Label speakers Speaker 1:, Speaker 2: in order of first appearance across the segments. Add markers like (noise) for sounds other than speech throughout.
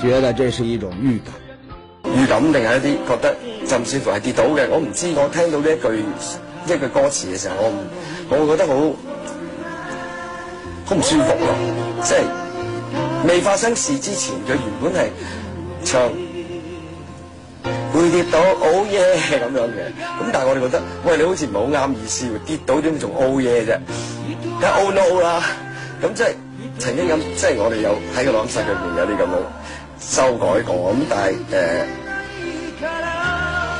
Speaker 1: 覺得這是一種預感，
Speaker 2: 預感定係一啲覺得就，甚至乎係跌倒嘅。我唔知我聽到呢一句，呢句歌詞嘅時候，我我覺得好好唔舒服咯、啊。即係未發生事之前，佢原本係唱會跌倒，oh yeah 咁樣嘅。咁但係我哋覺得，喂你好似唔係好啱意思喎，跌倒點你仲 oh yeah 啫，梗 oh no 啦、啊。咁即係曾經咁，即係我哋有喺個朗室入邊有啲咁樣。修改過咁，但係誒、呃，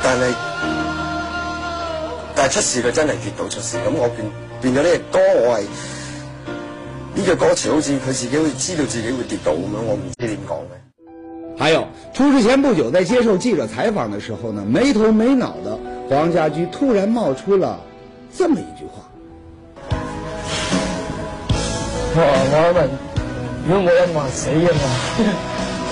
Speaker 2: 但係、嗯、但係出事佢真係跌到出事，咁我變變咗呢個歌，我係呢、這個歌詞，好似佢自己會知道自己會跌到咁樣，我唔知點講
Speaker 1: 嘅。還有出事前不久在接受記者採訪的時候呢，沒頭沒腦的黃家駒突然冒出了這麼一句話：我我問，如果我一晚死嘅話。 (laughs)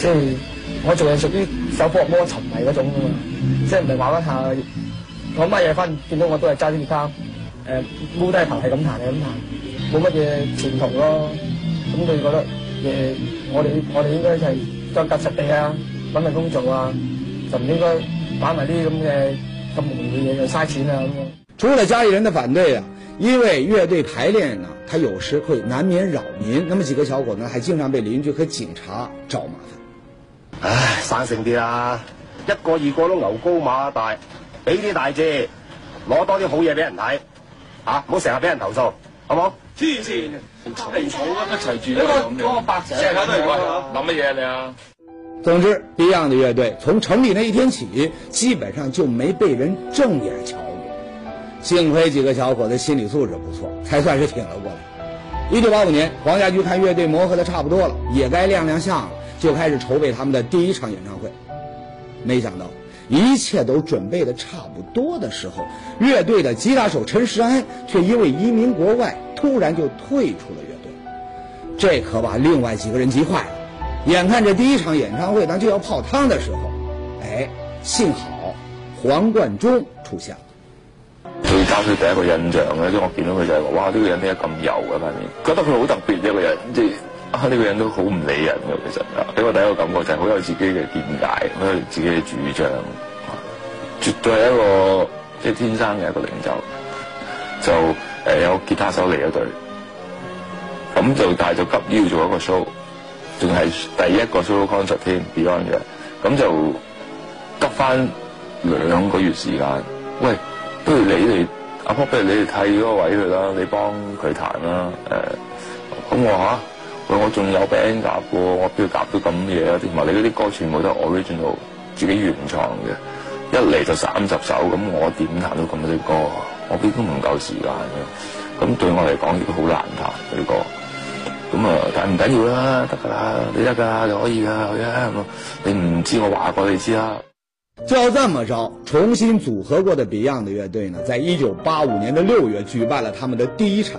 Speaker 2: 即係、嗯、我仲係屬於手波波沉迷種種嘛，即係唔係玩一下？我乜嘢翻見到我都係揸啲吉他，誒，撈低頭係咁彈係咁彈，冇乜嘢前途咯。咁佢覺得誒、嗯、我哋我哋應該就係齊做實地啊，揾份工做啊，就唔應該擺埋
Speaker 3: 啲咁嘅咁無聊嘅嘢，就嘥錢啊咁樣。
Speaker 1: 除了家裏人的反對啊，因為樂隊排練啊，他有時會難免擾民。那麼幾個小伙呢，還經常被鄰居和警察找麻煩。唉，生性啲啦，一個二個都牛高馬大，俾啲大字，攞多啲好嘢俾人睇，啊，唔好成日俾人投
Speaker 3: 訴，好唔好？黐線，你皮草一齊住都咁樣，成日都係咁樣，諗乜嘢你啊？我 achte, 我 right.
Speaker 1: 總之，Beyond 嘅樂隊從成立那一天起，基本上就沒被人正眼瞧過，幸虧幾個小伙子心理素質不錯，才算是挺了過來。一九八五年，黃家駒看樂隊磨合得差不多了，也該亮亮相了。就開始籌備他們的第一場演唱會，沒想到一切都準備得差不多的時候，樂隊的吉他手陳時安卻因為移民國外，突然就退出了樂隊，這可把另外幾個人急壞了。眼看着第一場演唱會，咱就要泡湯的時候，哎，幸好黃貫中
Speaker 3: 出現了。對佢第一個印象呢，因為我見到佢就係話，哇，呢個人點解咁油嘅？啊，反正覺得佢好特別一個人，呢個人都好唔理人㗎，其實俾我第一個感覺就係、是、好有自己嘅見解，好有自己嘅主張，絕對係一個即係、就是、天生嘅一個領袖。就、呃、有吉他手嚟咗隊，咁就帶咗急要做一個 show，仲係第一個 show concert 添 Beyond 嘅，咁就得翻兩個月時間。喂，不如你嚟阿 Paul，不如你哋替嗰個位佢啦，你幫佢彈啦，誒、呃、咁我吓、啊我仲有餅夾嘅，我都要夾到咁嘢啊！同埋你嗰啲歌全部都 original，自己原創嘅，一嚟就三十首咁，我點彈到咁多歌？我根本唔夠時間嘅。咁對我嚟講亦都好難彈呢啲、這個、歌。咁啊，但係唔緊要啦，得噶，你得噶就可以噶，係咪？你唔、yeah, 知我話過你知啦。就要咁樣，
Speaker 1: 重新組合過的 Beyond 樂隊呢，在一九八五年的六月舉辦了他們的第一場。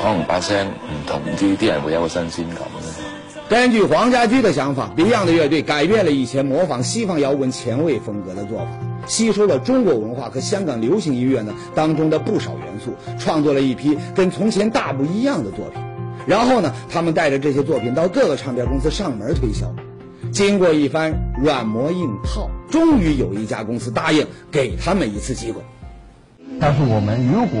Speaker 3: 可能把聲唔同啲，啲人會有新鮮
Speaker 1: 感。根據黃家駒的想法
Speaker 3: ，Beyond、嗯、的樂隊改
Speaker 1: 變了以前模仿西方搖滾前衛風格的做法，吸收了中國文化和香港流行音樂呢當中的不少元素，創作了一批跟從前大不一樣的作品。然後呢，他們帶着這些作品到各個唱片公司上門推銷，經過一番軟磨硬泡，終於有一家公司答應給他們一次機會。
Speaker 2: 但是我們如果。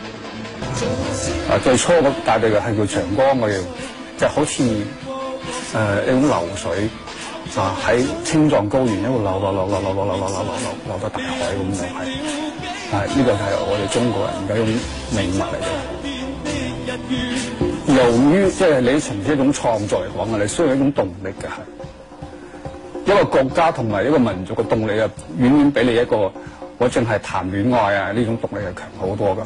Speaker 2: 啊！最初個大地嘅係叫長江嘅，即就好似誒一種流水啊，喺青藏
Speaker 3: 高原一路流流流流流流流流流流流到大海咁樣係，係呢個係我哋中國人嘅一種命脈嚟嘅。由於即
Speaker 1: 係你從一種創作嚟講，你需要一種動力嘅係，一個國家同埋一個民族嘅動力啊，遠遠比你一個我淨係談戀愛啊呢種動力係強好多嘅係。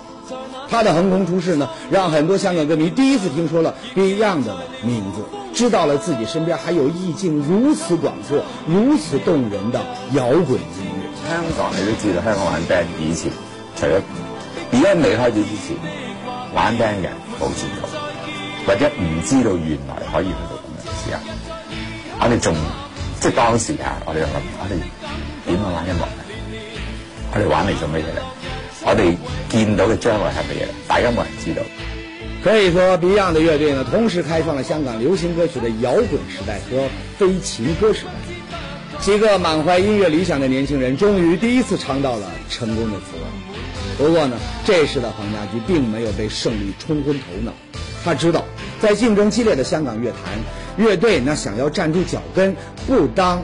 Speaker 1: 他的橫空出世呢，讓很多香港歌迷第一次聽說了 Beyond 的名字，知道了自己身邊還有意境如此廣闊、如
Speaker 3: 此動人的搖滾音樂。香港，你都知道，香港玩 band 以前，除咗 Beyond 未開始之前，玩 band 嘅冇知道，或者唔知道原來可以去到咁樣嘅時間，我哋仲即係當時啊，我哋就諗，我哋點樣玩音樂呢？我哋玩嚟做乜嘢咧？我哋見到嘅將來係乜嘢？大家冇人知道。
Speaker 1: 可以說，Beyond 的樂隊呢，同時開創了香港流行歌曲的搖滾時代和非情歌時代。幾個滿懷音樂理想的年輕人，終於第一次嘗到了成功的滋味。不過呢，這時的黃家駒並沒有被勝利沖昏頭腦。他知道，在競爭激烈的香港樂壇，樂隊呢想要站住腳跟，不當。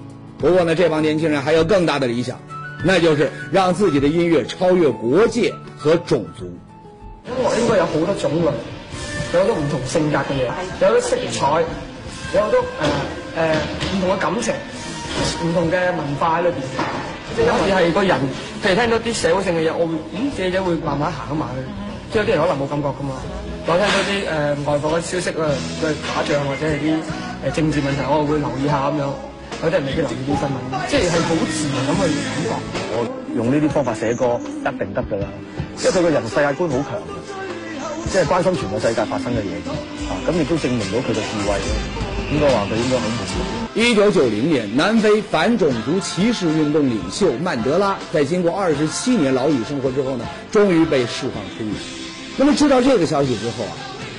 Speaker 1: 不過呢，這幫年輕人還有更大的理想，那就是讓自己的音樂超越國界和種族。
Speaker 3: 音樂應
Speaker 1: 該有好多種類，
Speaker 2: 有好多唔同性格嘅嘢，有好多色彩，有好多誒誒唔同嘅感情，唔同嘅文化喺裏邊。即係有時係個人，譬如聽到啲社會性嘅嘢，我會嗯，自己會慢慢行一埋去。即係有啲人可能冇感覺噶嘛。我聽到啲誒、呃、外國嘅消息啊，佢打仗或者係啲誒政治問題，我會留意一下咁樣。佢都係未必留意新聞，即係係好自然咁去感覺。我用呢啲方法寫歌，一定得噶啦，因為佢個人世界觀好強，即係關心全世界
Speaker 1: 發生嘅嘢啊！咁亦都證明到佢嘅智慧，應該話佢應該好唔少。一九九零年，南非反種族歧視運動領袖曼德拉，在經過二十七年牢獄生活之後呢，終於被釋放出獄。咁知道呢個消息之後啊。